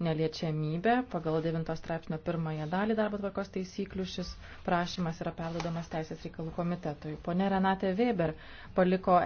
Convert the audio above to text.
neliečiamybę pagal 9 straipsnio pirmąją dalį darbo tvarkos taisyklių šis prašymas yra perduodamas Teisės reikalų komitetui. Pone Renate Weber paliko